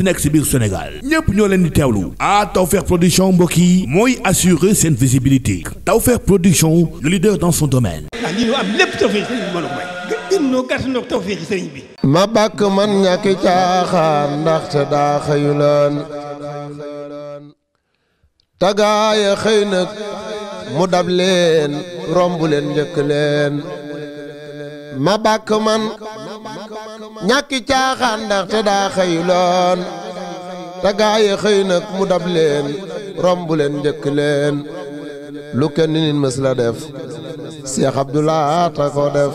munti nekk si biir Sénégal ñépp ñoo leen di teewlu ah Tawfekh production mbokk yi mooy assurer seen visibilité Tawfekh production le leader dans son domaine ah, ma bàkk man ñàkki caaxaan ndaxte daa xëyu laan tagaaya xëy nag mu dab leen romb leen njëkk leen ma bàkk man ñàkki caaxaan ndaxte daa xëyuloon te gaaye xëy mu dab leen romb leen njëkk leen lu kenn nit mës def Cheikh Abdou Lahat a ko def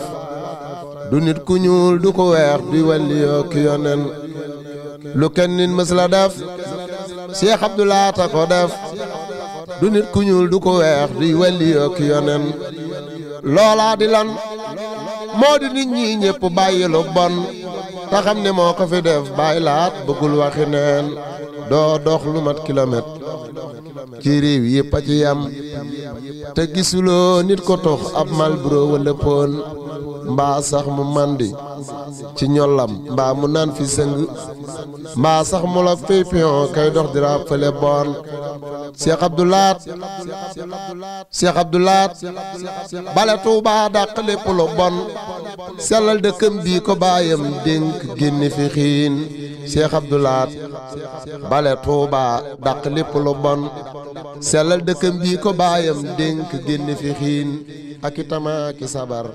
du nit ku ñuul du ko weex du walli yoo ki yonen lu kenn nit mës def Cheikh Abdou Lahat ko def du nit ku ñuul du ko weex du walli yoo ki loolaa di lan moo di nit ñi ñëpp bàyyi bon te xam ne moo ko fi def bàyyi laat bëggul waxi neen doo dox lu mat ci réew yëpp a ci yam te gisuloo nit ko tox ab Malboro wala Pone mbaa sax mu màndi ci ñollam mbaa mu naan fi sëng mbaa sax mu lak fay pion kay dox dira fële boon Cheikh Abdou Lahat Cheikh Abdou Lahat bale Tuubaa dàq lépp lu bon sellal dëkkam bii ko baayam dénk génni fi xiin Cheikh Abdou Lahat bale Tuubaa dàq lépp lu bon sellal dëkkam bii ko baayam dénk génni fi xiin ak i tama sabar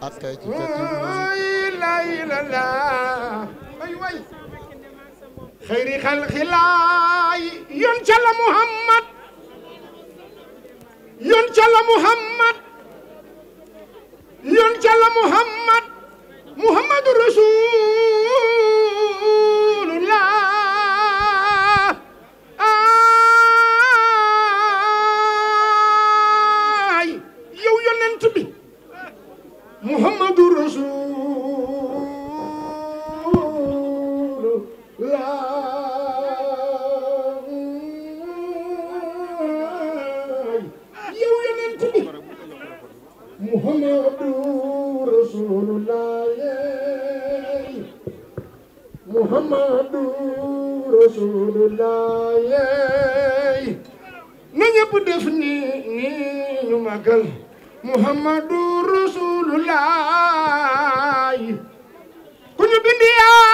ak tey ci xëyri xalqi laay yon ca la Muhammad yon ca la Muhammad yon ca la Muhammad Muhammadu Rasulullah محمد رسول الله يو ينتبه محمد رسول الله محمد رسول الله نجيب دفني ني نمكل محمد Abdoulaye ku ñu bindi yaa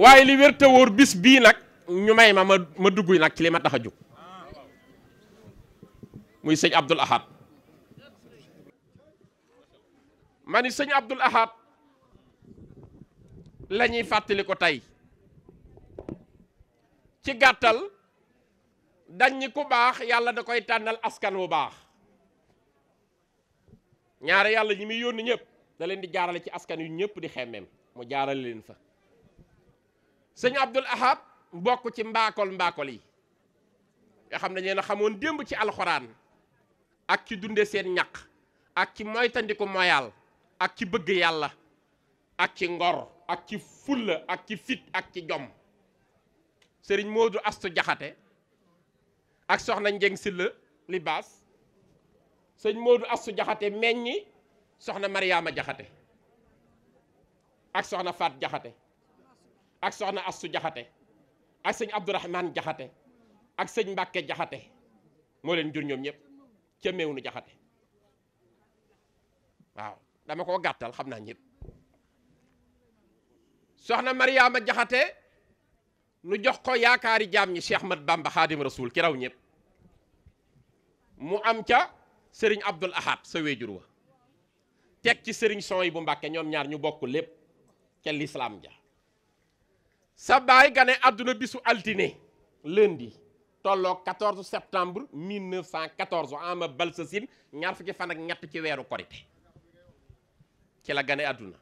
waaye li wér te wóor bis bii nag ñu may ma ma ma dugg nag ci li ma tax a jóg muy sëñ Abdul Ahad ma ni sëñ Abdul Ahad la ñuy fàttali ko tey ci gàttal dañ ñi ku baax yàlla da koy tànnal askan wu baax ñaare yàlla ñi muy yónni ñëpp da leen di jaarale ci askan yu ñëpp di xemmeem mu jaarale leen fa sëñ Abdul Ahad bokk ci mbaakol mbaakol yi nga xam ne ñeena xamoon démb ci alxuraan ak ci dunde seen ñaq ak ci moytandiku moyal ak ci bëgg yàlla ak ci ngor ak ci fulla ak ci fit ak ci jom sëriñ Moodu Astu Jaxate ak soxna Njeng Silla Libaas sëñ Moodu Astu Jaxate meññi soxna Mariama Jaxate ak soxna Faat Jaxate ak soxna Assu Jaxate ak sëñ Abdourahman Jaxate ak sëñ Mbàkke Jaxate moo leen jur ñoom ñëpp ca nu Jaxate waaw dama koo gàttal xam naa ñëpp soxna Mariama Jaxate nu jox ko yaakaari jaam ñi Cheikh Mat Bamba Xaadim Rasul ki raw ñépp mu am ca sëriñ Abdul Ahad sa wéjur wa teg ci sëriñ son yi bu Mbàkke ñoom ñaar ñu bokk lépp ca lislaam ja sa gane àdduna bisu altine lundi tolloog 14 septembre 1914 ama balsasin ñaar fukki fan ak ñett ci weeru korite ci la gane àdduna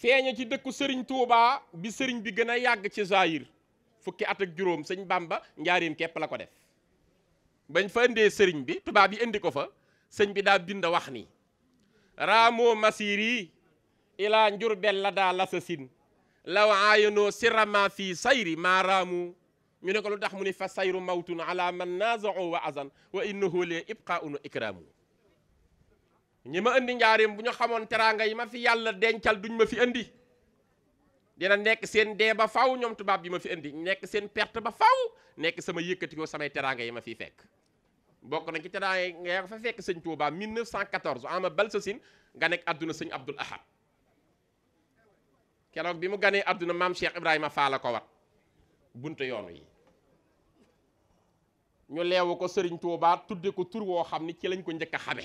feeña ci dëkku sëriñ Touba bi sëriñ bi gën a yàgg ci Zaïre fukki at ak juróom sëñ ba njaareem kepp la ko def bañ fa indee sëriñ bi tubaab bi indi ko fa sëñ bi daa bind wax ni raamoo masiri ilaa njurbel la daa lasasin law aayanoo sirama fii sayri maaraamu ñu ne ko lu tax mu ni fa sayru mawtun ala man naazao wa azan wa innahu lee ibqaun wa ikraamu ñi ma indi njaarim bu ñu xamoon teraanga yi ma fi yàlla dencal duñ ma fi indi dina nekk seen dee ba faw ñoom tubaab yi ma fi indi nekk seen perte ba faw nekk sama yëkkatikoo samay teraanga yi ma fiy fekk bokk na ci teraanga yi nga fa fekk sëñ Tuubaa 1914 ama bal sin nga nekk àdduna sëñ Abdul Ahad keroog bi mu ganee àdduna maam Cheikh Ibrahima Fall ko wat buntu yoonu yi ñu leewu ko Serigne Touba tudde ko tur woo xam ni ci lañ ko njëkk a xame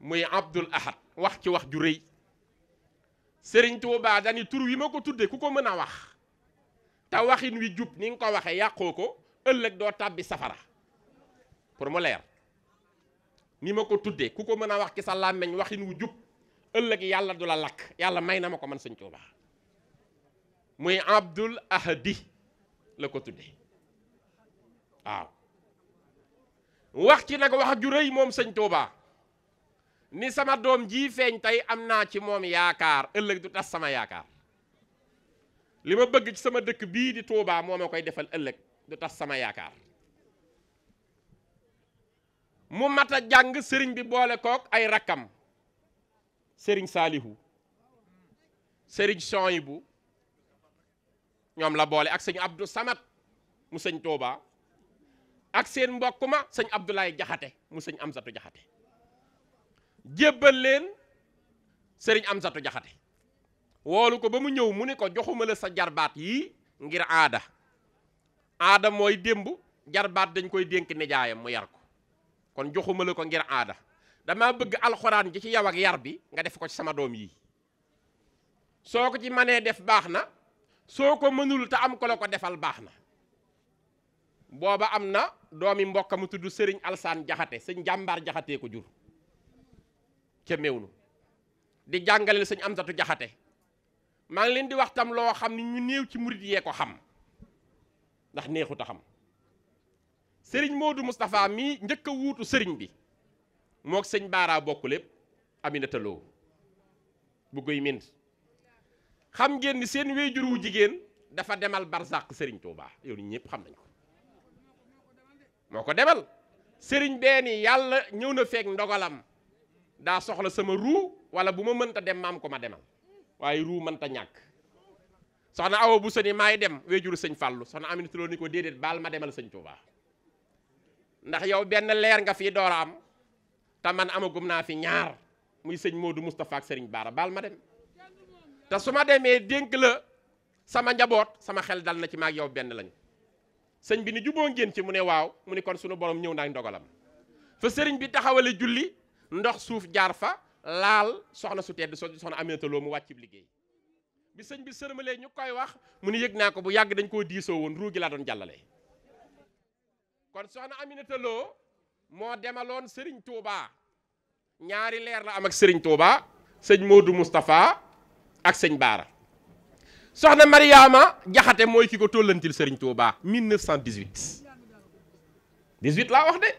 muy Abdul Ahad wax ci wax ju rëy Serigne Touba dani tur wi ma ko tudde ku ko mën a wax te waxin wi jub ni nga ko waxee yàqoo ko ëllëg doo tàbbi safara pour mu leer ni ma ko tudde ku ko mën a wax ci sa làmmeñ waxin wu jub ëllëg yàlla du la lakk yàlla may na ma ko man sëñ Tuuba muy Abdul Ahadi la ko tuddee waaw wax ci nag wax ju rëy moom sëñ Tuuba ni sama doom ji feeñ tey am naa ci moom yaakaar ëllëg du tas sama yaakaar li ma bëgg ci sama dëkk bii di Tuuba moo ma koy defal ëllëg du tas sama yaakaar mu mat jàng sëriñ bi boole kook ay rakkam sëriñ saalihu sëriñ bu ñoom la boole ak sëñ Abdou Samad mu sëñ Touba ak seen mbokk ma sëñ Abdoulaye Jaxate mu sëñ Amsatu Jaxate jébbal leen sëriñ Amsatu Jaxate woolu ko ba mu ñëw mu ne ko joxumale sa jarbaat yii ngir aada aada mooy démb jarbaat dañ koy dénk nijaayam mu yar ko kon joxuma la ko ngir aada damaa bëgg alxuraan ji ci yow ak yar bi nga def ko ci sama doom yii soo ko ci manee def baax na soo ko mënul te am ko la ko defal baax na booba am na doomi mbokk mu tudd sëriñ alsaan jaxate sëñ jàmbaar jaxatee ko jur ca meewnu di jàngaleel sëñ amsatu jaxate maa ngi leen di wax tam loo xam ni ñu néew ci murit yee ko xam ndax neexut a xam sëriñ Modou Moustapha mi njëkk wuutu sëriñ bi mook sëñ baaraa bokk lépp Aminata Lo bu guy mint xam ngeen seen wéyjur wu jigéen dafa demal barzak sëriñ Touba yow ñi ñëpp xam nañ ko moo ko demal sëriñ bee ni yàlla ñëw na feek ndogalam daa soxla sama ruu wala bu ma mënta dem maam ko ma demal waaye ruu mënta ñàkk soxna awa bu sa ni maay dem wéyjuru sëñ fallu soxna Aminata Lo ni ko déedéet baal ma demal sëñ Touba ndax yow benn leer nga fii door te man amagum naa fi ñaar muy sëñ Modou Moustapha ak Serigne Bara baal ma dem te su ma demee dénk la sama njaboot sama xel dal na ci maag yow benn lañu sëñ bi ni juboo ngeen ci mu ne waaw mu ne kon sunu borom ñëw naa ndogalam fa sëriñ bi taxawale julli ndox suuf jaar fa laal soxna su tedd soxna Aminata Lo mu wàccib liggéey bi sëñ bi sërmalee ñu koy wax mu ni yëg naa ko bu yàgg dañ koo diisoo woon ruugi laa doon jàllale kon soxna Aminata moo demaloon Serigne Touba ñaari leer la am ak sëriñ Touba sëñ Modou Moustapha ak sëñ Baara soxna Mariama Jaxate mooy ki ko tollantil Serigne Touba 1918 18 laa wax de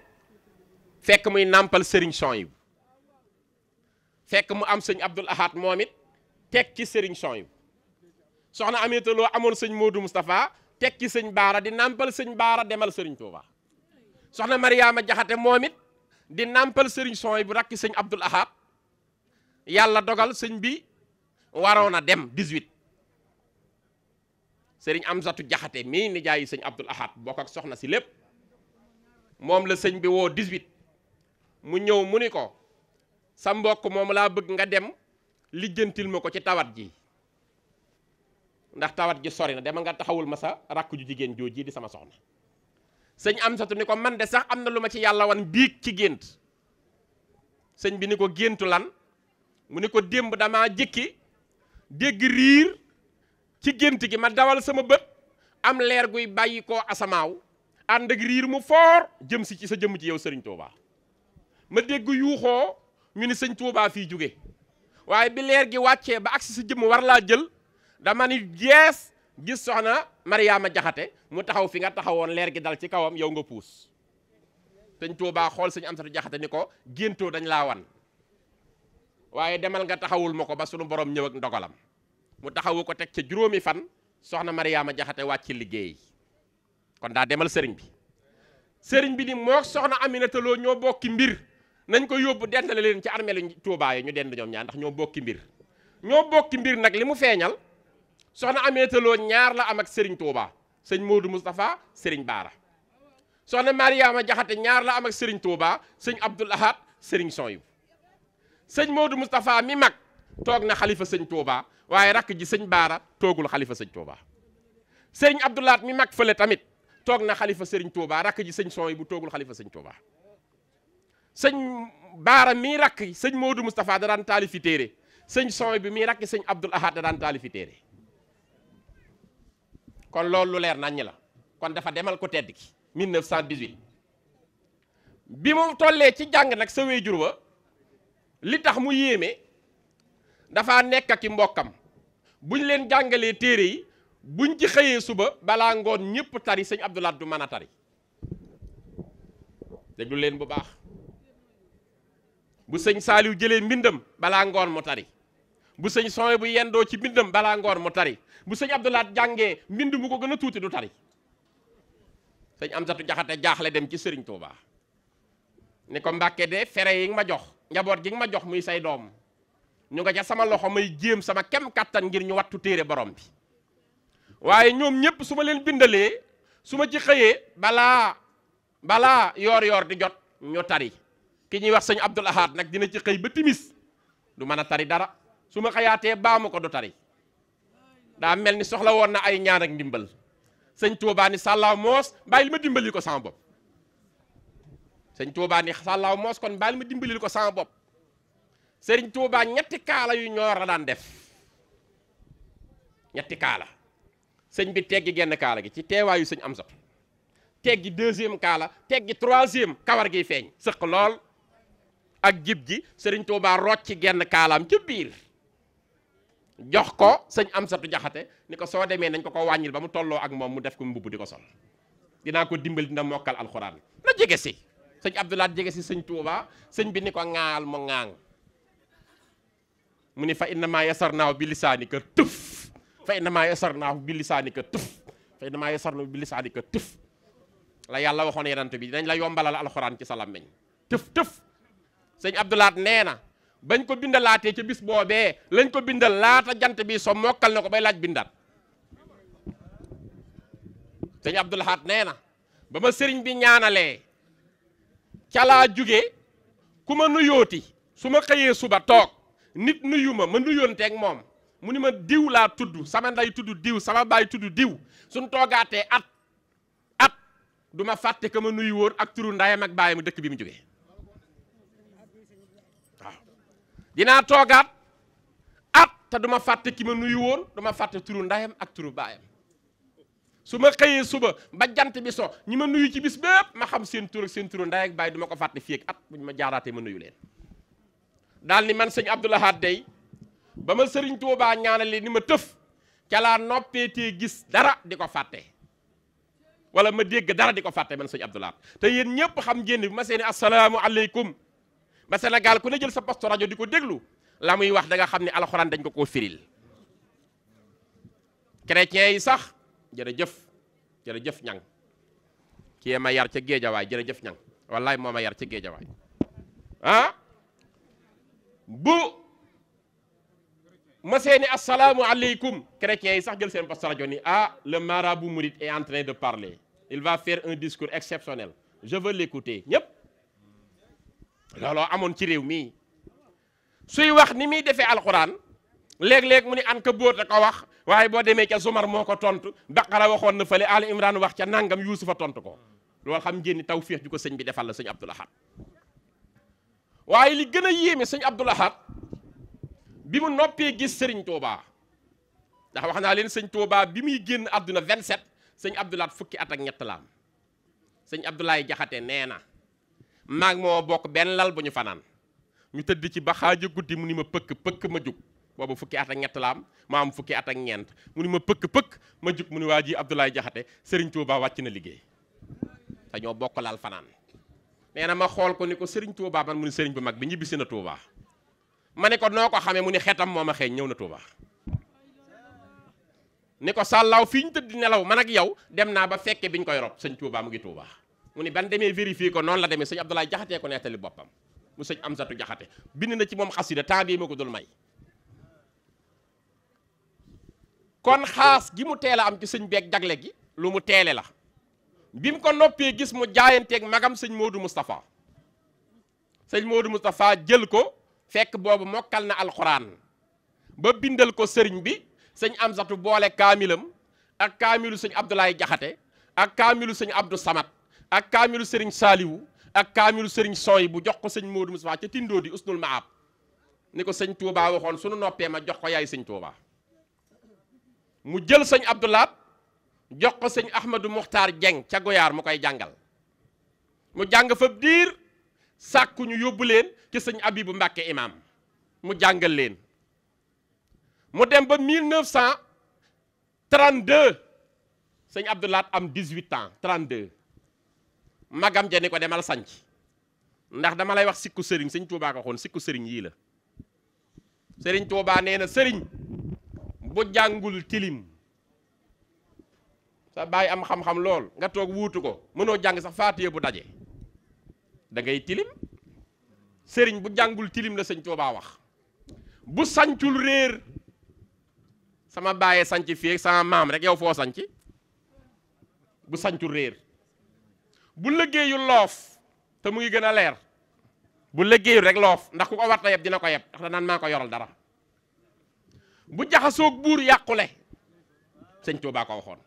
fekk muy nàmpal Serigne Sonhibou fekk mu am sëñ Abdoul Ahad moom it teg ci Serigne Sonhibou soxna Aminata Lo amoon sëñ Modou Moustapha tekki sëñ Baara di nàmpal sëñ Baara demal Serigne Touba. soxna Mariama Jaxate moom it di nàmpal sëriñ sooy bu rakki sëñ Abdul Ahad yàlla dogal sëñ bi waroon a dem 18 sëriñ Amsatu Jaxate mii nijaayi sëñ Abdul Ahad bokk ak soxna si lépp moom la sëñ bi woo 18 mu ñëw mu ni ko sa mbokk moom laa bëgg nga dem lijjantil ma ko ci tawat ji ndax tawat ji sori na demal nga taxawul ma sa rakk ju jigéen jooji di sama soxna sëñ Amsatu ni ko man de sax am na lu ma ci yàlla wan biig ci gént sëñ bi ni ko géntu lan mu ni ko démb damaa jëkki dégg riir ci gént gi ma dawal sama bët am leer guy bàyyi koo asamaaw ànd ak riir mu foor jëm si ci sa jëmm ci yow sëriñ Touba ma dégg yuuxoo mu ni sëñ Touba fii jóge waaye bi leer gi wàccee ba agsi sa jëmm war laa jël dama ni jees gis soxna Mariama Jaxate mu taxaw fi nga taxawoon leer gi dal ci kawam yow nga puus sëñ Tuubaa xool sëñ Amsatu Jaxate ni ko géntoo dañ laa wan waaye demal nga taxawul ma ko ba suñu borom ñëw ak ndogalam mu taxawu ko teg ca juróomi fan soxna Mariama Jaxate wàcc liggéey kon daa demal sëriñ bi sëriñ bi ni moo soxna na Lo ñoo bokki mbir nañ ko yóbbu dendale leen ci armée lu Tuubaa yi ñu dend ñoom ñaa ndax ñoo bokki mbir ñoo bokki mbir nag li mu feeñal soxna amee Lo ñaar la am ak Serigne Touba sëñ Modou Moustapha Serigne Baara soxna Mariama Jaxate ñaar la am ak Serigne Touba sëñ Abdoul Ahad Serigne Sonyou sëñ Modou Moustapha mi mag toog na xalifa sëñ Touba waaye rakk ji sëñ Baara toogul xalifa sëñ Touba Serigne Abdoul Ahad mi mag fële tamit toog na xalifa Serigne Touba rakk ji sëñ Sonyou bu toogul xalifa sëñ Touba sëñ Baara mi rakk sëñ Modou Moustapha da daan taalifi téere sëñ Sonyou bi mii rakk sëñ Abdoul Ahad da kon loolu lu leer naññ la kon dafa demal ko tedd ki 1918 bi mu tollee ci jàng nag sa wéyjur wa li tax mu yéeme dafa nekk ak i mbokkam buñ leen jàngalee téere yi buñ ci xëyee suba balaa ngoon ñëpp tari sëñ Abdou Lahad du mën a tari déglu leen bu baax bu sëñ Saaliw jëlee mbindam balaa ngoon mu tari bu sëñ sowe bu yendoo ci bindam balaa ngoon mu tari bu sëñ abdulaat jàngee mbind mu ko gën a tuuti du tari sëñ amsatu jaxate jaaxle dem ci sëriñ Touba ni ko mbàkke de fere yi ma jox njaboot gi ma jox muy say doom ñu nga ca sama loxo may jéem sama kem kattan ngir ñu wattu téere borom bi waaye ñoom ñëpp su ma leen bindalee su ma ci xëyee balaa balaa yoor yoor di jot ñu tari ki ñuy wax sëñ abdul nag dina ci xëy ba timis du mën a tari dara su ma xayaatee baa ma ko du tari daa mel ni soxla woon na ay ñaan ak ndimbal sëñ Tuubaa ni sàllaaw moos bàyyil ma dimbali ko sama bopp sëñ moos kon bàyyil ma dimbalil ko sama bopp sëriñ Tuubaa ñetti kaala yu ñoor la daan def ñetti kaala sëñ bi teggi genn kaala gi ci teewaayu sëñ am sot teggi deuxième kaala teggi troisième kawar gi feeñ sëq lool ak jib gi sëriñ Tuubaa rocc genn kaalaam ci biir jox ko sëñ Amsatu Jaxate ni ko soo demee nañ ko ko wàññil ba mu tolloo ak moom mu def ko mbubb di ko sol dinaa ko dimbali dina mokkal alxuraan na jege si sëñ Abdoulaat jege si sëñ Touba sëñ bi ni ko ŋaal mu ŋaang mu ni fa innama yasarnaahu bi lisaanika tëf fa innama yasarnaahu bi lisaanika tëf fa innama yasarnaahu bi lisaanika tëf la yàlla waxoon yenant bi dinañ la yombalal alxuraan ci sa làmmiñ tëf tëf sëñ Abdoulaat nee na bañ ko bindalaatee ca bis boobee lañ ko bindal laata jant bi so mokkal na ko bay laaj bindal sëñ Abdul Ahad nee na ba ma sëriñ bi ñaanalee ca laa jóge ku ma nuyooti su ma xëyee suba toog nit nuyu ma ma nuyoonteeg moom mu ni ma diw laa tudd sama nday tudd diw sama baay tudd diw suñ toogaatee at at du ma fàtte ka ma nuyu woon ak turu ndayam ak baayam dëkk bi mu jógee dinaa toogaat at te duma fàtte ki ma nuyu woon duma fàtte turu ndayam ak turu baayam su ma xëyee suba ba jant bi so ñi ma nuyu ci bis bépp ma xam seen tur seen turu nday ak baay duma ko fàtte fii at buñ ma jaaraatee ma nuyu leen daal ni man sëñ Abdoul Ahad ba ma sëriñ Tuubaa ñaanale ni ma tëf calaa laa noppeetee gis dara di ko fàtte wala ma dégg dara di ko fàtte man sëñ Abdoul Ahad te yéen ñëpp xam ngeen bi ma seeni asalaamaaleykum ba Sénégal ku ne jël sa poste rajo di ko déglu la muy wax danga xam ni alxuraan dañ ko koo firil chrétiens yi sax jërëjëf jërëjëf ñang kii ma ca géejawaay jërëjëf ñang wallaay moo ma yar ca géejawaay ah bu ma seeni yi sax jël seen poste rajo ni ah le marabout mouride est en train de parler il va faire un discours exceptionnel je veux l'écouter ñëpp looloo amoon ci réew mii suy wax ni muy defee alxuraan léeg-léeg mu ni an ka bóota ko wax waaye boo demee ca Zumar moo ko tontu Baqara waxoon na fële Ali Imran wax ca nangam Yuusufa tontu ko loolu xam ngeen ni taw féex ju ko sëñ bi defal la sëñ Abdou li gën a yéeme sëñ Abdou bi mu noppee gis sëriñ Touba ndax wax naa leen sëñ Touba bi muy génn àdduna 27 sëñ Abdou fukki at ak ñett la sëñ Abdoulaye Jaxate nee na maag moo bokk benn lal bu ñu fanaan ñu tëdd ci ba xaaja guddi mu ni ma pëkk pëkk ma jug boobu fukki at ak ñett la am ma fukki at ak ñeent mu ni ma pëkk pëkk ma jug mu ni waa ji Abdoulaye Jaxate Serigne Touba wàcc na liggéey te ñoo bokk lal fanaan nee na ma xool ko ni ko sëriñ Touba man mu ni Serigne bu mag bi ñibbisi na Touba ma ne ko noo ko xamee mu ni xetam moo ma xeeñ ñëw na Touba ni ko sàllaaw fii ñu tëdd nelaw man ak yow dem naa ba fekke biñ koy rob sëñ Touba mu ngi Touba. mu ni ban demee vérifier ko noonu la demee sëñ Abdoulaye Jaxate ko nettali boppam mu sëñ Amsatu Jaxate bind na ci moom xasida temps bii ma ko dul may kon mu teel a am ci sëñ beeg jagle gi lu mu teele la bi mu ko noppee gis mu jaayanteeg magam sëñ Modou Moustapha sëñ Modou Moustapha jël ko fekk boobu mokkal na alxuraan ba bindal ko sëriñ bi sëñ Amsatu boole kaamilam ak kaamilu sëñ Abdoulaye Jaxate ak kaamilu sëñ Abdou Samad ak kaamilu Serigne saaliwu ak kaamilu Serigne Soy bu jox ko sëñ Modou Moustapha ca Tindoo di usnul maab ni ko sëñ Touba waxoon sunu noppee ma jox ko yaay sëñ Touba mu jël sëñ Abdoulaat jox ko sëñ Ahmadou Mokhtar Dieng ca Goyaar mu koy jàngal mu jàng fa diir sàkku ñu yóbbu leen ci sëñ Abibu Mbàkke imaam mu jàngal leen mu dem ba 1932 sëñ Abdoulaat am 18 ans magam ja ni ko demal sanc ndax dama lay wax sikku sëriñ sëñ Tuubaa ko waxoon sikku sëriñ yii la sëriñ Tuubaa nee na sëriñ bu jàngul tilim sa baay am xam-xam lool nga toog wuutu ko mënoo jàng sax faatiye bu daje dangay tilim sëriñ bu jàngul tilim la sëñ Tuubaa wax bu sancul réer sama bàyyee sanc fii sama maam rek yow foo sanc bu sancul réer bu liggéeyul loof te mu ngi gën a leer bu liggéeyul rek loof ndax ku ko war yeb dina ko yeb ndax da naan maa ko yoral dara bu jaxasook buur yàqule sëñ Tuubaa ko waxoon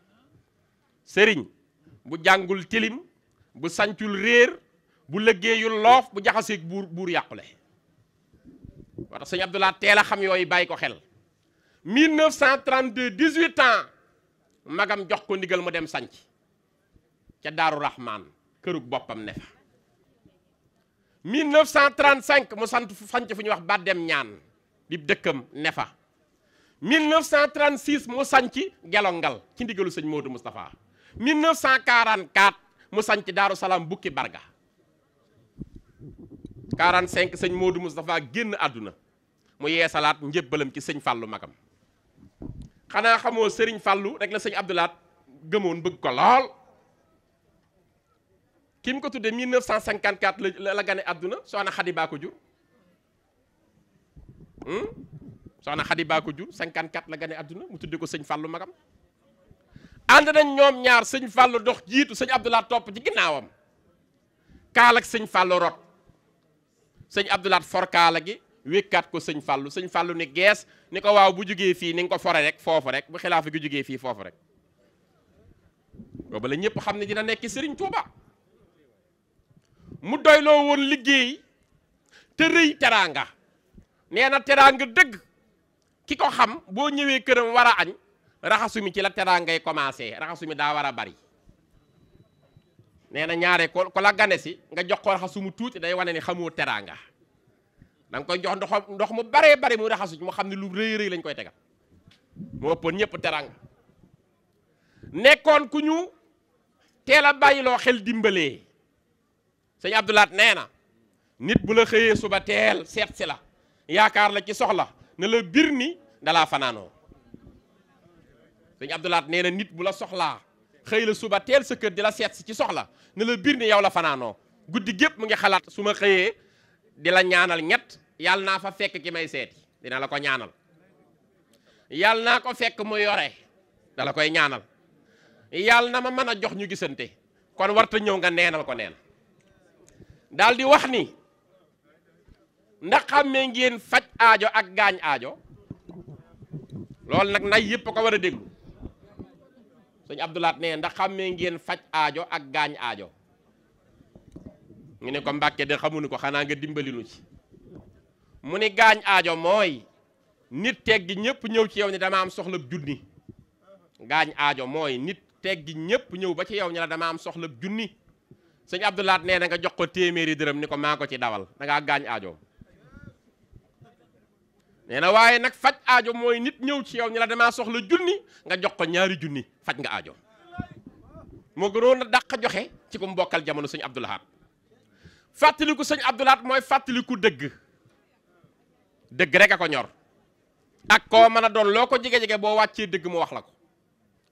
sëriñ bu jàngul tilim bu sancul réer bu liggéeyul loof bu jaxaseeg buur buur yàqule moo tax sëñ Abdoulaye teel a xam yooyu bàyyi ko xel 1932 18 ans magam jox ko ndigal mu dem sanc ca daaru Rahman këru boppam ne fa 1935 mu sant sanc fu ñuy wax dem ñaan di dëkkam ne fa 1936 mu sanc gelongal ci ndigalu sëñ Modou Moustapha 1944 mu sanc daaru salaam bukki barga 45 sëñ Modou Moustapha génn àdduna mu yeesalaat njébbalam ci sëñ fallu magam xanaa xamoo sëriñ Fallou rek la sëñ Abdoulaat gëmoon bëgg ko lool ki mu ko tuddee 1954 la la gane àdduna soxna Xadi baa ko jur hmm? soxna Xadi baa ko jur 54 la gane àdduna mu tuddee ko sëñ Fallou magam ànd nañ ñoom ñaar sëñ Fallou dox jiitu sëñ Abdoulaye topp ci ginnaawam kaal sëñ Fallou rot sëñ Abdoulaye for kaala gi wékkaat ko sëñ Fallou sëñ Fallou ne gees ni ko waaw bu jógee fii ni nga ko fore rek foofu rek bu xilaafa gi jógee fii foofu rek boobu la ñëpp xam ne dina nekk Serigne mu doyloo woon liggéey te rëy teraanga nee na teraanga dëgg ki ko xam boo ñëwee këram war a añ raxasu ci la teraangay commencé raxasu mi daa war a bari nee na ñaare ko ko la gane si nga jox ko raxasu mu tuuti day wane ni xamoo teraanga da koy jox ndox ndox mu baree bari mu raxasu mu xam ne lu rëy rëy lañ koy tegal mu ëppoon ñëpp teraanga nekkoon ku ñu teela a bàyyiloo xel dimbalee sëñ Abdoulaat nee na nit bu la xëyee suba teel seet si la yaakaar la ci soxla ne la biir ni dalaa fanaanoo sëñ Abdoulaat nee nit bu la soxlaa xëy la suba teel sa kër di la seet si ci soxla ne la bir ni yow la fanaanoo guddi gépp mu ngi xalaat su ma xëyee di la ñaanal ñett yàlla naa fa fekk ki may seeti dina la ko ñaanal yàlla naa ko fekk mu yore dala koy ñaanal yàlla na ma mën a jox ñu gisante kon warta ñëw nga neenal ko neen daal wax ni ndax xàmmee ngeen faj aajo ak gaañ aajo loolu nag nday yëpp ko war a déglu sëñ Abdoulaat ne ndax xàmmee ngeen faj aajo ak gaañ aajo ngi ne ko Mbàkke de xamuñu ko xanaa nga dimbali ci mu ni gaañ aajo mooy nit teg gi ñëpp ñëw ci yow ne dama am soxla junni gaañ aajo mooy nit teg gi ñëpp ñëw ba ci yow ne la dama am soxla junni sëñ Abdoulaat nee na nga jox ko téeméeri dërëm ni ko maa ko ci dawal da ngaa gaañ aajo nee na waaye nag faj aajo mooy nit ñëw ci yow ñu la damaa soxla junni nga jox ko ñaari junni faj nga aajo moo gënoon a dàq joxe ci ku mbokkal jamono sëñ Abdoulaat fàttaliku sëñ Abdoulaat mooy fàttaliku dëgg dëgg rek a ko ñor ak koo mën a doon loo ko jege jege boo wàccee dëgg mu wax la ko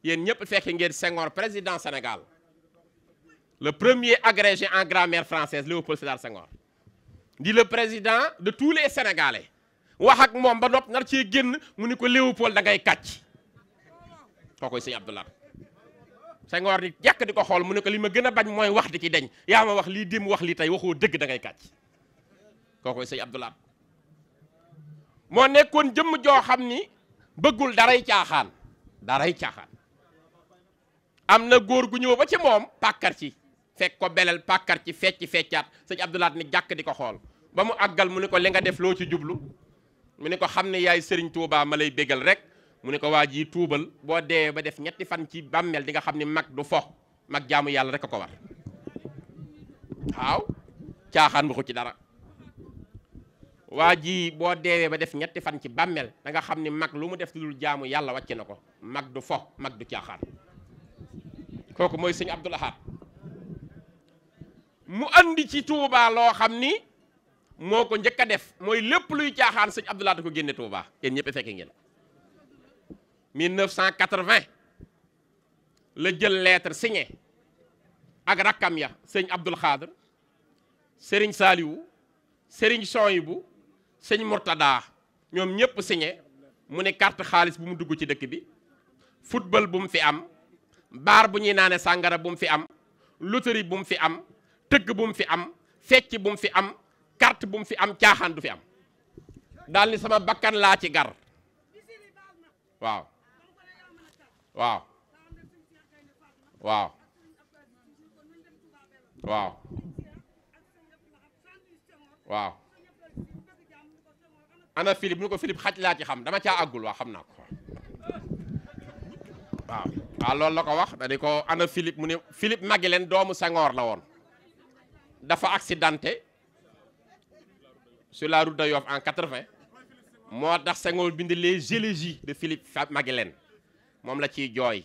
yéen ñëpp fekke ngeen Senghor président senegal le premier agrégé en grammaire française Léopold Sédar Senghor di le président de tous les sénégalais wax ak moom ba nopp nar cee génn mu ni ko Léopold da ngay kàcc kookoy sëñ Abdoulaye Senghor di jàkk di ko xool mu ne ko li ma gën a bañ mooy wax di ci deñ yaa ma wax lii dém wax lii tey waxoo dëgg dangay ngay kàcc kookoy sëñ Abdoulaye moo nekkoon jëmm joo xam ni bëggul daray caaxaan daray caaxaan am na góor gu ñëw ba ci moom pàkkar ci fekk ko belal pàkkar ci fecc feccaat sëñ Abdoulaat ni jàkk di ko xool ba mu àggal mu ne ko li nga def loo ci jublu mu ne ko xam ne yaay sëriñ Touba ma lay bégal rek mu ne ko waa jii tuubal boo dee ba def ñetti fan ci bàmmeel di nga xam ne mag du fo mag jaamu yàlla rek ko war waaw caaxaan bu ko ci dara waa ji boo deewee ba def ñetti fan ci bàmmeel da nga xam ni mag lu mu def dul jaamu yàlla wàcc na ko mag du fo mag du caaxaan kooku mooy sëñ Abdul mu andi ci Touba loo xam ni moo ko njëkk a def mooy lépp luy caaxaan sëñ Abdou Lahad da ko génne Touba yéen ñëpp fekke ngeen 1980 la jël lettre signé ak rakkam ya sëñ Abdoul Khadr sëriñ Saliou sëriñ bu sëñ Mourtada ñoom ñëpp signé mu ne carte xaalis bu mu dugg ci dëkk bi football bu mu fi am baar bu ñuy naane sàngara bu mu fi am loterie bu mu fi am tëgg bu fi am fecc bu fi am carte bu mu fi am caaxaan du fi am daal ni sama bakkan laa ci gar waaw waaw waaw waaw ana Philippe nu ko Philippe xaj laa ci xam dama caa àggul waaw xam naa ko waaw waaw loolu la ko wax da di ko ana Philippe mu ne Philippe Maguilène doomu Senghor la woon dafa accidente sur la route de Yoff en 80 moo tax Senghor bind les élégies de Philippe Maguilen moom la ciy jooy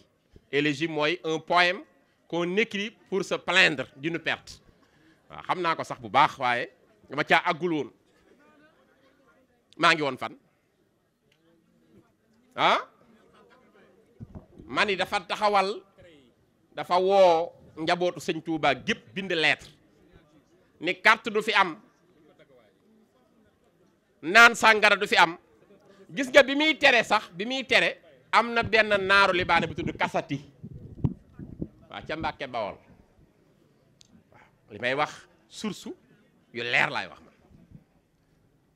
élégie mooy un poème qu'on pour se plaindre d'une perte waaw xam naa ko sax bu baax waaye ma caa àggul woon maa ngi woon fan ah man dafa taxawal dafa woo njabootu sëñ Touba gépp bind lettre ni carte du fi am naan sàngara du fi am gis nga bi muy tere sax bi muy tere am na benn naaru libaane bu tudd kasati waaw ca Mbàkke Bawol waaw li may wax source yu leer laay wax man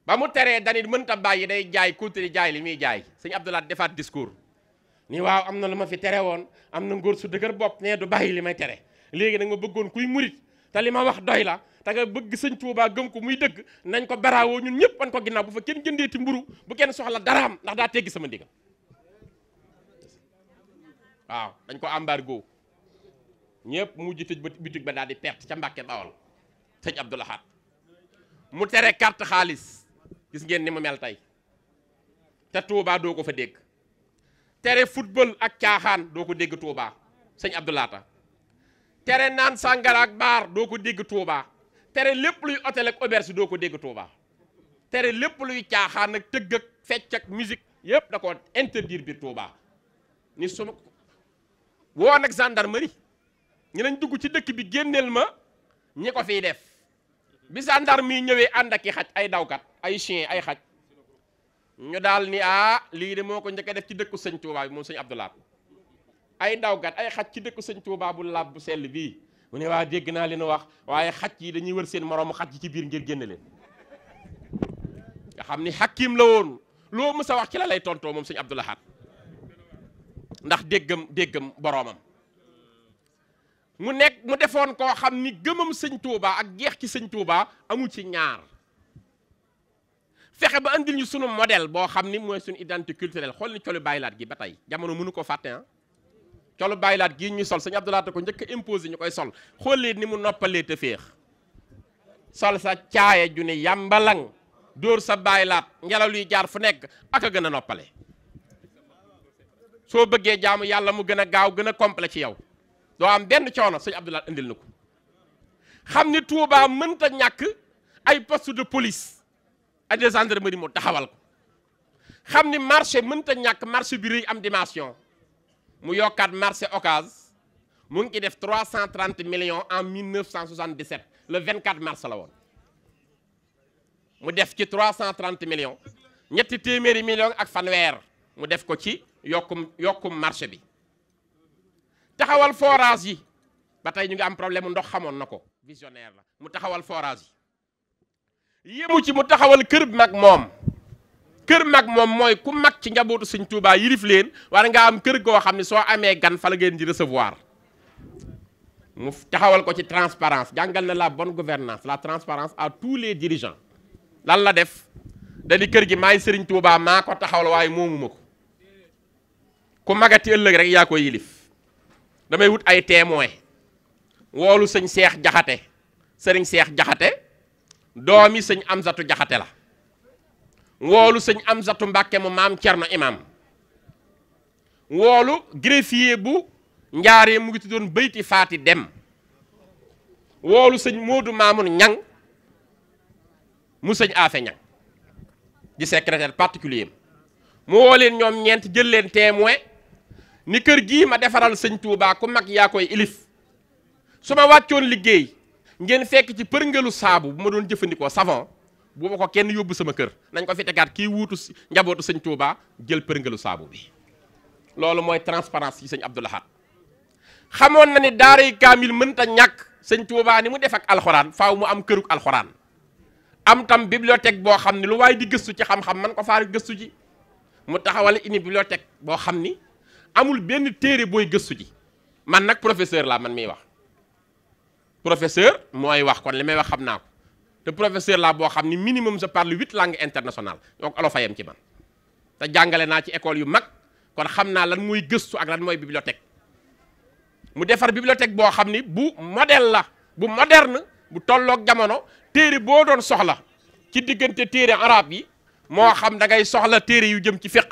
ba mu teree danit mënta bàyyi day jaay kuutali jaay li muy jaay sëñ Abdoulaye defaat discours ni waaw am na lu ma fi tere woon am na ngóor su dëgër bopp ne du bàyyi li may tere léegi nag bëggoon kuy murit te li ma wax doy la te nga bëgg sëñ Tuubaa gëm ko muy dëgg nañ ko baraawoo ñun ñëpp wan ko ginnaaw bu fa kenn jëndeeti mburu bu kenn soxla daraam ndax daa teggi sama ndigal waaw dañ ko embargo ñëpp mujj tëj ba bitig ba daal di perte ca Mbàkke Bawol sëñ Abdou mu tere carte xaalis gis ngeen ni mu mel tey te Touba doo ko fa dégg tere football ak caaxaan doo ko dégg Touba sëñ Abdou tere naan sàngara ak baar doo ko dégg Touba tere lépp luy hôtel ak doo ko dégg Touba tere lépp luy caaxaan ak tëgg ak fecc ak yëpp da ko interdire bi Touba ni suma woo nag gendarmerie ñi lañ dugg ci dëkk bi génneel ma ñi ko fiy def bi gendarmerie ñëwee ànd ak i xaj ay dawkat ay chien ay xaj ñu daal ni ah lii de moo ko njëkk def ci dëkku sëñ Touba bi moom sëñ Abdoulaye ay ndaw gat ay xaj ci dëkku sëñ Tuubaa bu lab bu sell bii mu ne waa dégg naa leen wax waaye xaj yi dañuy wër seen moroomu xaj yi ci biir ngir génn leen nga xam ni hakim la woon loo mës a wax ci la lay tontoo moom sëñ Abdou Lahad ndax déggam déggam boroomam mu nekk mu defoon koo xam ni gëmam sëñ Tuubaa ak jeex ci sëñ Tuubaa amul ci ñaar fexe ba andil ñu sunu modèle boo xam ni mooy suñu identité culturelle xool ni colu bàyyilaat gi ba tey jamono mënu ko fàtte ah colu bàyyi laat gii ñuy sol sëñ Abdoulaat ko njëkk imposé ñu koy sol xoolee ni mu noppalee te féex sol sa caaya ju ne yàmbalang dóor sa bàyyi laat ngelaw luy jaar fu nekk ak a gën a noppale soo bëggee jaamu yàlla mu gën a gaaw gën a complet ci yow doo am benn coono sëñ Abdoulaat indil na ko xam ni Touba mënta ñàkk ay post de police ak ma gendarmerie mu taxawal ko xam ni marché mënta ñàkk marché bi rëy am dimension mu yokkaat marché ocase mu ngi ci def 330 millions en 1977 le 24 mars la woon mu def ci 330 millions ñetti téeméeri million ak fanweer mu def ko ci yokkum yokkum marché bi taxawal forage yi ba tey ñu ngi am problème ndox xamoon na ko visionnaire la mu taxawal forage yi yéemu ci mu taxawal kër bi mag moom kër mag moom mooy ku mag ci njabootu sëñ Tuubaa yilif leen war nga am kër goo xam ne soo amee gan fa la ngeen di recevoir mu taxawal ko ci transparence jàngal na la bonne gouvernance la transparence à tous les dirigeants lan la def dañi kër gi maay sëriñ Tuubaa maa ko taxawal waaye moomuma ko ku magati ëllëg rek yaa ko yilif damay wut ay témoins woolu sëñ seex jaxate sëriñ seex jaxate doomi sëñ am satu jaxate la woolu sëñ Amsatu mbakke mu maam Cerno imam woolu greffier bu njaaree mu ngi doon bayti faati dem woolu sëñ Moodu Maamun ñang mu sëñ Afe ñang di secrétaire particulier mu woo leen ñoom ñeent jël leen témoin ni kër gii ma defaral sëñ tuubaaku ku mag yaa koy ilif su ma wàccoon liggéey ngeen fekk ci përngelu saabu mu ma doon jëfandikoo savon bu ma ko kenn yóbbu sama kër nañ ko fi tegaat kii wuutu njabootu sëñ Touba jël përngalu saabu bi loolu mooy transparence yi sëñ Abdou Lahad xamoon na ni daaray kaamil mënta ñàkk sëñ Touba ni mu def ak alxuraan faw mu am këruk alxuraan am tam bibliothèque boo xam ne lu waay di gëstu ci xam-xam man ko faa gëstu ji mu taxawal une bibliothèque boo xam ni amul benn téere booy gëstu ji man nag professeur laa man miy wax professeur mooy wax kon li may xam naa ko te professeur laa boo xam ni minimum je parle huit langues internationales donc alo fayam ci man te jàngale naa ci école yu mag kon xam naa lan mooy gëstu ak lan mooy bibliothèque mu defar bibliothèque boo xam ni bu modèle la bu moderne bu tolloog jamono téere boo doon soxla ci diggante téere arab yi moo xam dangay soxla téere yu jëm ci fiq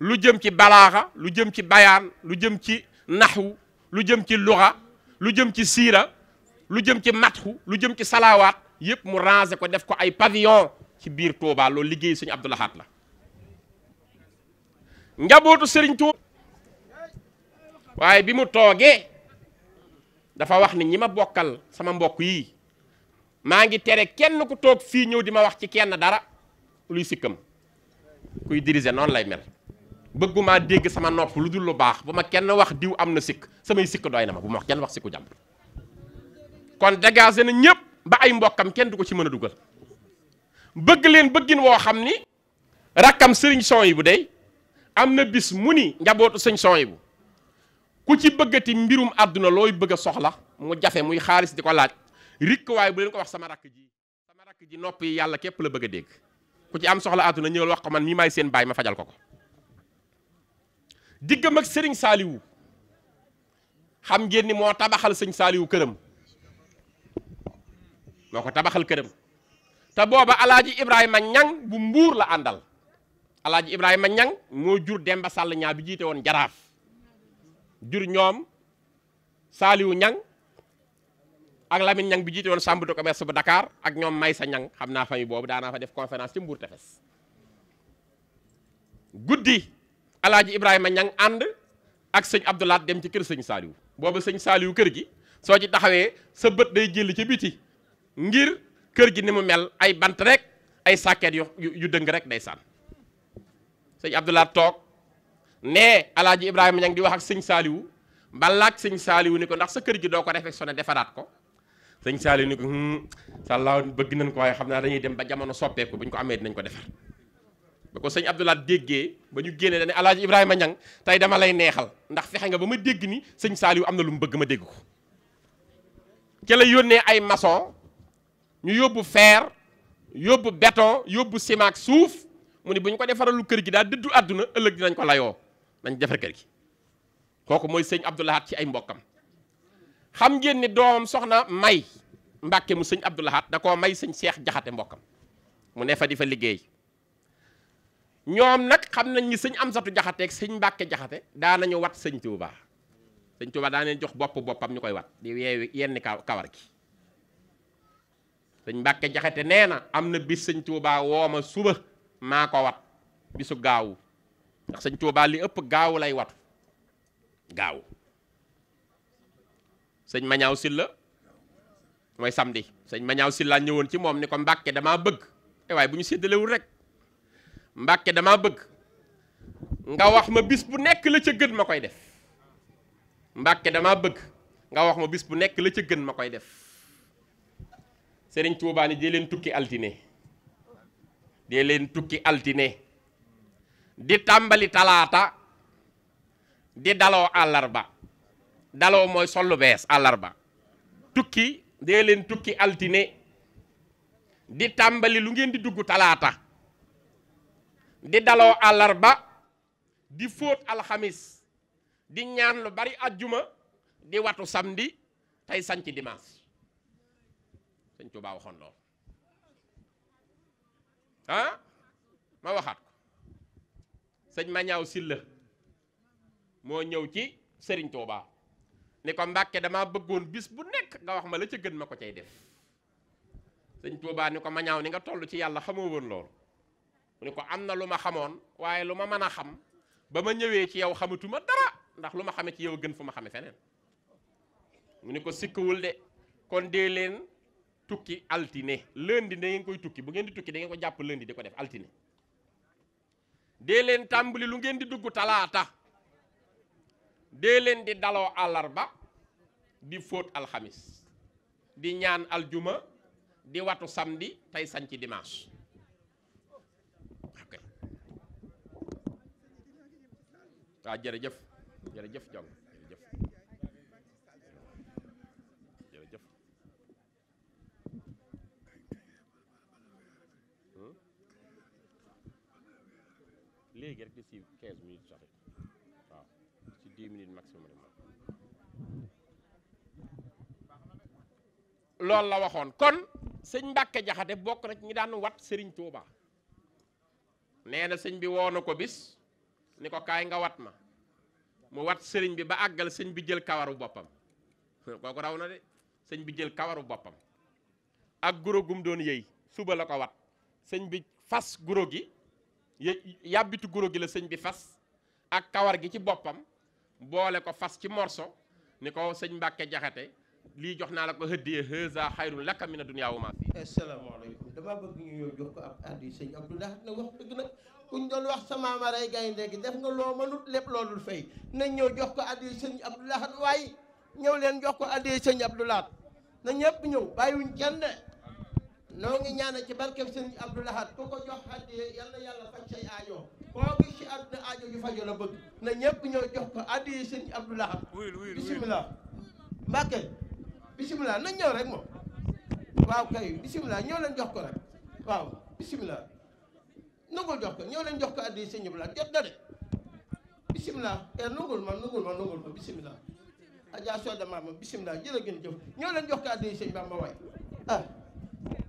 lu jëm ci balaaxa lu jëm ci bayaan lu jëm ci naxwu lu jëm ci luxa lu jëm ci siira lu jëm ci matxu lu jëm ci salaawaat yëpp mu ranger ko def ko ay pavillon ci biir Touba loolu liggéey sëñ Abdou Lahad la njabootu sëriñ Touba waaye bi mu toogee dafa wax ni ñi ma bokkal sama mbokk yi maa ngi tere kenn ku toog fii ñëw di ma wax ci kenn dara luy sikkam kuy diriger noonu lay mel bëggumaa dégg sama nopp lu dul lu baax bu ma kenn wax diw am na sikk samay sikk doy na ma bu ma wax kenn wax sikku jàmbur kon dégagé na ñëpp ba ay mbokkam kenn du ko ci mën a dugal bëgg leen bëggin woo xam ni rakkam sëriñ son yi bu day am na bis mu ni njabootu sëñ son yi bu ku ci bëggati mbirum àdduna looy bëgg a soxla mu jafe muy xaalis di ko laaj rikk waaye bu leen ko wax sama rakk ji sama rakk ji nopp yi yàlla képp la bëgg a dégg ku ci am soxla àdduna ñëwal wax ko man mii maay seen baay ma fajal ko ko diggam ak sëriñ saaliwu xam ngeen ni moo tabaxal sëñ saaliwu këram moo ko këram te booba alaaji ibrahima ñang bu mbuur la àndal alaaji ibrahima ñang moo jur demba sàll ñaa bi jiite woon jaraaf jur ñoom saaliwu ñang ak lamin ñang bi jiite woon chambre de commerce bu dakar ak ñoom maysa ñang xam naa famille boobu daanaa fa def conférence ci mbuur tefes guddi alaaji ibrahima ñang ànd ak sëñ abdoulaat dem ci kër sëñ saaliwu booba sëñ saaliwu kër gi soo ci taxawee sa bët day jël ci biti ngir kër gi ni mu mel ay bant rek ay sàkket yu yu dëng rek day sànn sëñ Abdoulaye toog ne alaaji Ibrahima ña ngi di wax ak sëñ Saaliwu ba laaj sëñ Saaliwu ni ko ndax sa kër gi doo ko ne defaraat ko sëñ Saaliwu ni ko hmm, sàllaaw bëgg nañ ko waaye xam naa dañuy dem ba jamono soppeeku bu ñu ko amee dinañ ko defar ba ko sëñ Abdoulaye déggee ba ñu génnee dañ ne alaaji Ibrahima ñang tey dama lay neexal ndax fexe nga ba ma dégg ni sëñ Saaliwu am na lu mu bëgg ma dégg ko ca la ay maçon ñu yóbbu fer yóbbu béton yóbbu ciment suuf mu ni bu ñu ko defaralu kër gi daal dëddu àdduna ëllëg dinañ ko layoo nañ defar kër gi kooku mooy sëñ Abdou ci ay mbokkam xam ngeen ni doomam soxna may Mbàkke mu sëñ Abdou Lahad da koo may sëñ Cheikh Jaxate mbokkam mu ne fa di fa liggéey ñoom nag xam nañ ñi sëñ Amsatu Jaxate ak sëñ Mbàkke Jaxate daa nañu wat sëñ Tuubaa sëñ Tuubaa daa ne jox bopp boppam ñu koy wat di weewi yenn kawar ki sëñ Mbàkke Jaxate nee na am na bis sëñ Tuubaa woo ma suba maa ko wat bisu gaawu ndax sëñ Tuubaa li ëpp gaawu lay watu gaawu sëñ Mañaaw Silla mooy samedi sëñ Mañaaw Silla ñëwoon ci moom ni ko Mbàkke damaa bëgg e waaye bu ñu séddalewul rek Mbàkke dama bëgg nga wax ma bis bu nekk la ca gën ma koy def Mbàkke dama bëgg nga wax ma bis bu nekk la ca gën ma koy def Serigne Touba ni dee leen tukki altine dee leen tukki altine di tàmbali talaata di daloo àllarba daloo mooy sollu bees àllarba tukki dee leen tukki altine di tàmbali lu ngeen di dugg talaata di daloo àllarba di foot alxamis di ñaan lu bari ajjuma di watu samedi tey sanc dimanche sëñ Tuubaa waxoon lool ah ma waxaat ko sëñ Mañaaw Silla moo ñëw ci sëriñ Tuubaa ni ko Mbàkke dama bëggoon bis bu nekk nga wax ma la ca gën ma ko cay def sëñ Tuubaa ni ko Mañaaw ni nga toll ci yàlla xamoo woon loolu mu ni ko am na lu ma xamoon waaye lu ma mën a xam ba ma ñëwee ci yow xamatuma dara ndax lu ma xame ci yow gën fu ma xame feneen mu ni ko sikkuwul de kon dee leen tukki altine lundi da ngeen koy tukki bu ngeen di tukki da ngeen ko jàpp lundi di ko def altine dee leen tàmbali lu ngeen di dugg talaata dee leen di daloo àllarba di fóot alxamis di ñaan aljuma di watu samedi tey sañ ci dimanche ok waaw ah, jërëjëf jërëjëf jong léegi rek d'ici 15 minutes jote waaw ci 10 minutes maximum la waxoon kon sëñ Mbàkke Jaxate bokk na ci ñi daan wat sëriñ Tuuba nee na sëñ bi woo na ko bis ni ko kaay nga wat na mu wat sëriñ bi ba àggal sëñ bi jël kawaru boppam kooku raw na de sëñ bi jël kawaru boppam ak guro gum doon yëy suba la ko wat sëñ bi fas guro gi yàbbitu guro gi la sëñ bi fas ak kawar gi ci boppam boole ko fas ci morso ni ko sëñ Mbàkke Jaxate lii jox naa la ko hëddiyee hëza xayrun laka mina dunyaa na maa fii asalaamaaleykum damaa bëgg ñu ñëw jox ko ab addi sëñ doon wax sa maama rey gaynde gi def nga loo mënut lépp loolul fay nañ ñëw jox ko sëñ Abdoulaye waaye ñëw leen jox ko addi sëñ na ñëpp ñëw bàyyiwuñ kenn de noo ñaan ñaanal ci barkeb Serigne Abdou Lahad ku ko jox addiya yal na yàlla faj aajo koo gis ci àdduna aajo ju fajo la bëgg na ñëpp ñoo jox ko addiya Serigne Abdou Lahad bisimilah Mbàkke bisimilah nañ ñëw rek moom waaw kay bisimilah ñoo leen jox ko rek waaw bisimilah nungul jox ko ñoo leen jox ko addiya Serigne Abdou Lahad jot na de bisimilah te eh, nungul ma nungul ma nungul ma bisimilah Adja Soda Mama bisimilah jërë ngeen jëf leen jox ko addiya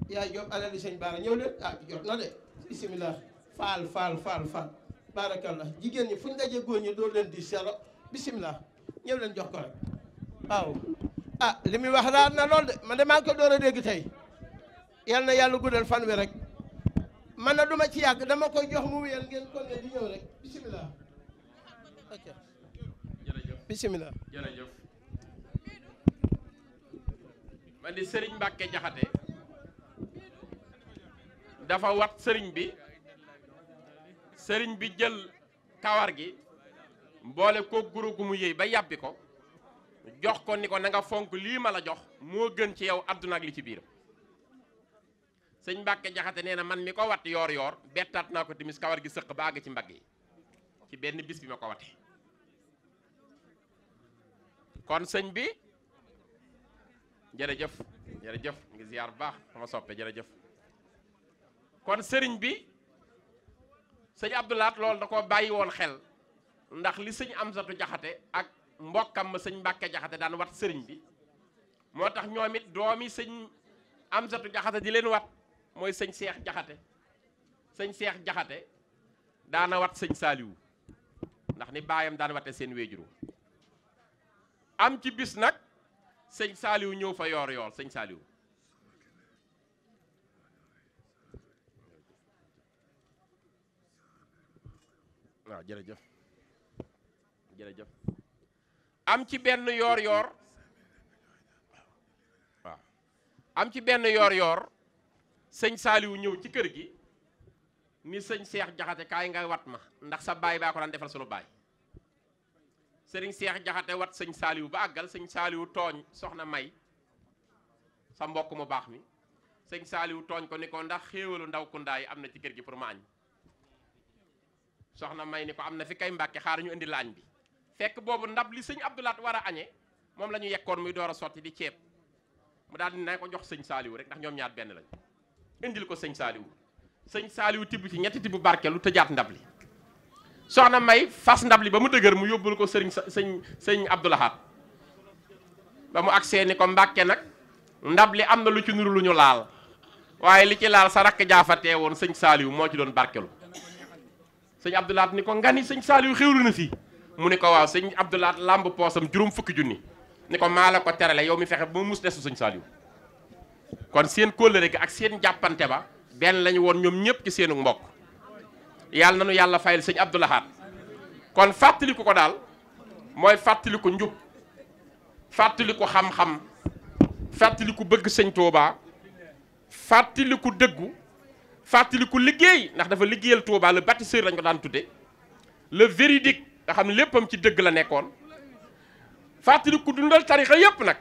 yaay Diop alali sëñ Baara ñëw leen ah, jot na de bisimilah faal faal faal faal barakallah jigéen ñi fu ñu dajee góor ñi doo leen di selo bisimilah leen jox ko rek waaw. ah li muy wax raar na lool de man de maa ngi a dégg tey yal na yàlla guddal fan wi rek man na duma ci yàgg dama koy jox mu wéyal ngeen kon ne di ñëw rek bisimilah. jërëjëf man di Serigne Mbacke Jaxate dafa wat sëriñ bi sëriñ bi jël kawar gi mboole ko guro gu mu yëy ba yàbbi ko jox ko ni ko na fonk lii ma la jox moo gën ci yow àdduna ak li ci biiram sëñ Mbàkke Jaxate nee na man mi ko wat yoor yoor bettaat naa ko timis kawar gi sëq ba àgg ci mbagg yi ci benn bis bi ma ko wate kon sëñ bi jërëjëf jërëjëf ngi ziyaar bu baax sama soppe jërëjëf kon sëriñ bi sëñ Abdoulaat loolu da koo bàyyi woon xel ndax li sëñ Amsatu Jaxate ak mbokkam ma sëñ Mbàkke Jaxate daan wat sëriñ bi moo tax ñoom it doomi sëñ Amsatu Jaxate di leen wat mooy sëñ Seex Jaxate sëñ Seex Jaxate daana wat sëñ Saaliwu ndax ni baayam daan wate seen wéejuru am ci bis nag sëñ Saaliwu ñëw fa yoor sëñ Saaliwu waaw jërëjëf jërëjëf am ci benn yoor-yoor waaw am ci benn yoor-yoor sëñ Saaliwu ñëw ci kër gi ni sëñ Seex Jaxate kaay nga wat ma ndax sa baay baa ko daan defal sunu baay sëriñ Seex Jaxate wat sëñ Saaliwu ba àggal sëñ Saaliwu tooñ soxna May sa mbokk mu baax mi sëñ Saaliwu tooñ ko ni ko ndax xéewalu ndaw ku ndaay am na ci kër gi pour ma añ soxna may ni ko am na fi kay mbàkke xaar ñu indi laañ bi fekk boobu ndab li sëñ abdulaat war a añee moom la ñu yekkoon muy door a sotti di ceeb mu daal di na ko jox sëñ saaliwu rek ndax ñoom ñaar benn lañ indil ko sëñ saaliwu sëñ saaliwu tibb ci ñetti tibb barke lu tëjaat ndab li soxna may fas ndab li ba mu dëgër mu yóbbul ko sëriñ sëñ sëñ abdulahaat ba mu agsee ni ko mbàkke nag ndab li am na lu ci nuru lu ñu laal waaye li ci laal sa rakk jaafatee woon sëñ saaliwu moo ci doon barkelu sëñ Abdoulaat ni ko nga ni sëñ Saliou xéwlu na fii mu ni ko waaw sëñ Abdoulaat làmb poosam juróom fukki junni ni ko maala la ko terale yow mi fexe ba mus desu sëñ Saliou kon seen kóllëre gi ak seen jàppante ba benn lañu woon ñoom ñëpp ci seenu mbokk yàlla na nañu yàlla fayal sëñ Abdoulahat kon fàttaliku ko daal mooy fàttaliku njub fàttaliku xam-xam fàttaliku bëgg sëñ Touba fàttaliku dëggu fàttaliku liggéey ndax dafa liggéeyal Touba le bâtisseur lañ ko daan tudde le véridique nga xam ne léppam ci dëgg la nekkoon fàttaliku dundal tarixa yépp nag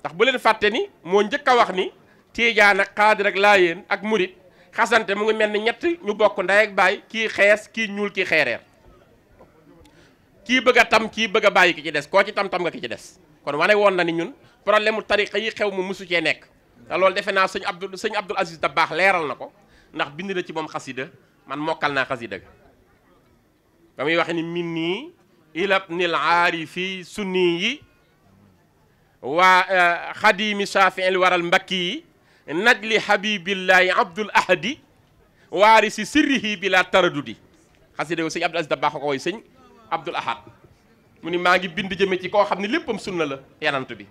ndax bu leen fàtte ni moo njëkk a wax ni tiijaan ak xaadir ak laayeen ak murit xasante mu ngi mel ni ñett ñu bokk ndey ak baay kii xees kii ñuul kii xeereer kii bëgg a tam kii bëgg bàyyi ki ci des koo ci tam tam nga ki ci des kon wane woon na ni ñun problème mu tarixa yi xew mu mësu cee nekk te loolu defe naa sëñ Abdou sëñ Abdoul Aziz Dabakh leeral na ko ndax bind la ci moom xasida man mokkal naa xasida ga ba muy wax ni min nii ilab nil aarifi sunni yi waa eh, xadimi shafiil waral mbakki yi najli habibillahi abdul ahadi waari si sirrihi bila taradudi xasida yu sëñ abdul aziz dabaax abdul ahad mu ni maa ngi bind jëme ci koo xam ne léppam sunna la yanant bi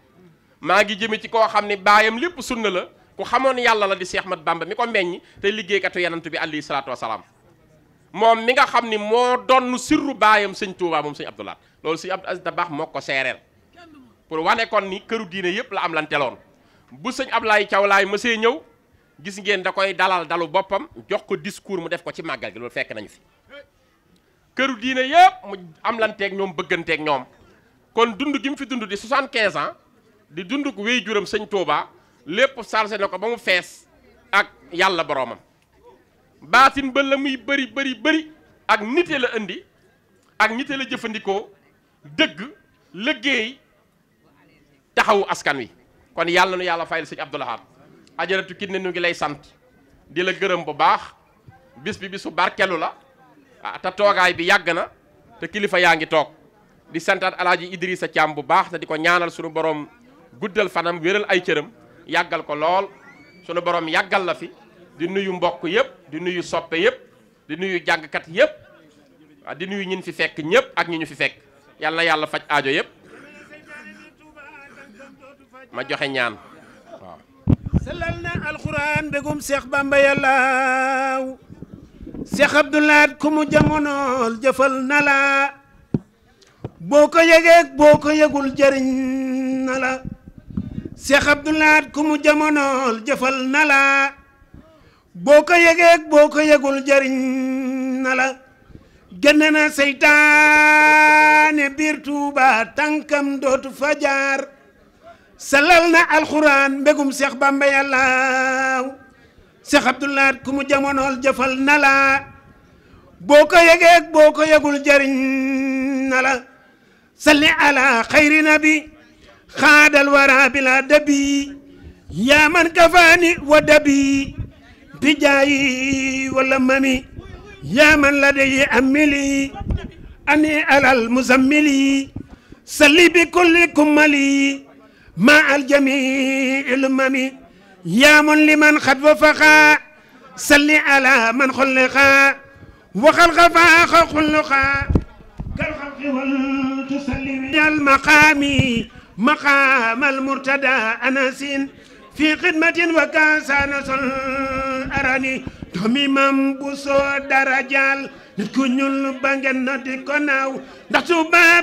maa ngi jëme ci ko xam ne baayam lépp sunna la ku xamoon yàlla la di Seex Ahmadu Bamba mi ko meññ te liggéeykatu yenantu bi alayhi salaatu wasalaam moom mi nga xam ni moo doon sirru baayam sëñ tuubaa moom sëñ Abdou Lahad loolu sëñ Abdou Aziz baax moo ko seereel pour wane kon ni këru diine yëpp la am lan teloon bu sëñ Ablaye Thiaw laay mësee ñëw gis ngeen da koy dalal dalu boppam jox ko discours mu def ko ci màggal gi loolu fekk nañu fi këru diine yëpp mu am lanteek ñoom bëgganteek ñoom kon dund gi fi dund di 75 ans di dund wéy juram sëñ Touba lépp chargé na ko ba mu fees ak yàlla boroomam baatin ba la muy bëri bëri bëri ak nite la indi ak nite la jëfandikoo dëgg liggéey taxawu askan wi kon yàlla nu yàlla fayal sëñ Abdou Lahad ajaratu kit ne nu ngi lay sant di la gërëm bu baax bis bi bisu barkelu la ah te toogaay bi yàgg na te kilifa yaa ngi toog di santaat alaaji Idrissa caam bu baax te di ko ñaanal sunu borom guddal fanam wéral ay cëram yàggal ko lool sunu boroom yàggal la fi di nuyu mbokk yëpp di nuyu soppe yëpp di nuyu jàngkat yépp ah, di nuyu ñin fi fekk ñëpp ak ñu ñu fi fekk yàlla yàlla faj aajo yëpp ma joxe ñaan waaw selal na alxuraan bégum seex bamba yàllaaw seex abdulaat ku mu jamonool jëfal na la boo ko yëgeeg boo ko yëgul jëriñ na la Cheikh Abdoul Ahad ku mu jamonool jëfal na la boo ko yëgeeg boo ko yëgul jariñ nala la génne na seytaane biir Tuuba tànkam dootu fa jaar salal na alxuraan mbégum Cheikh Bamba yàllaaw Cheikh Abdoul Ahad ku mu jamonool jëfal na la boo ko yëgeeg boo ko yëgul jariñ na salli ala xayri nabi xaadal wara bila dabi yaa man kafaani wa dabi bijaayi wala mami yaa man ladayi amili ani alal muzammili salli bi kulli kummali ma al jamiil mami yaa man liman xat wa faqa salli ala man xulliqa wa xalqa fa xulluqa kal xalqi wal tusalli al maqaami مقام المرتدى أنس في خدمة وكاسانس أراني domi mam bu soo dara jaal nit ku ñuul ba ngeen na di ko naaw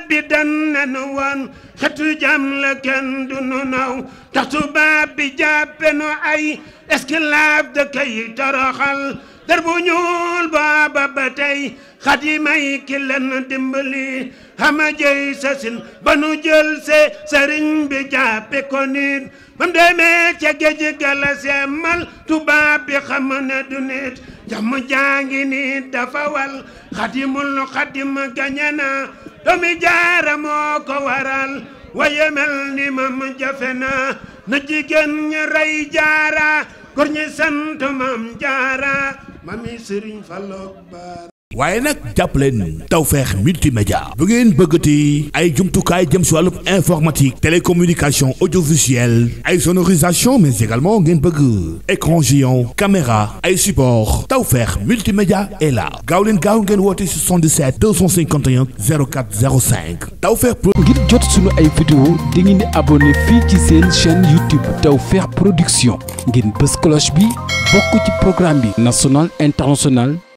bi dan nanu woon xetu jàmm du nu naaw ndax tubaab bi jàppe nu ay esclave da koy toroxal der bu ñuul booba ba tey xadimay ki leen dimbali xama jëy sasin ba nu jël se sëriñ bi jàppe ko nit bam demee ca géej gala semmal tubaab bi xam ne du nit jàmm jaangi nit dafa wal xadimul xadim gañana doomi jaara moo ko waral waye mel ni mam jafe na na jigéen ñi rey jaara góor ñi sant mam jaara mami Serigne Fallou Bara waaye nag jàppaleen Tawfekh multimédia bu ngeen bëggati ay jumtukaay jëm si wàllu informatique télécommunication audiovisuelle ay sonorisation mais également ngeen bëgg écran géant caméra ay support Tawfekh multimédia est là gaaw leen gaaw ngeen woote 77 251 04 05 Tawfekh ngir jot suñu ay vidéo di ngeen di abonné fii ci seen chaîne YouTube Tawfekh production ngeen bës cloche bi bokk ci programme bi national international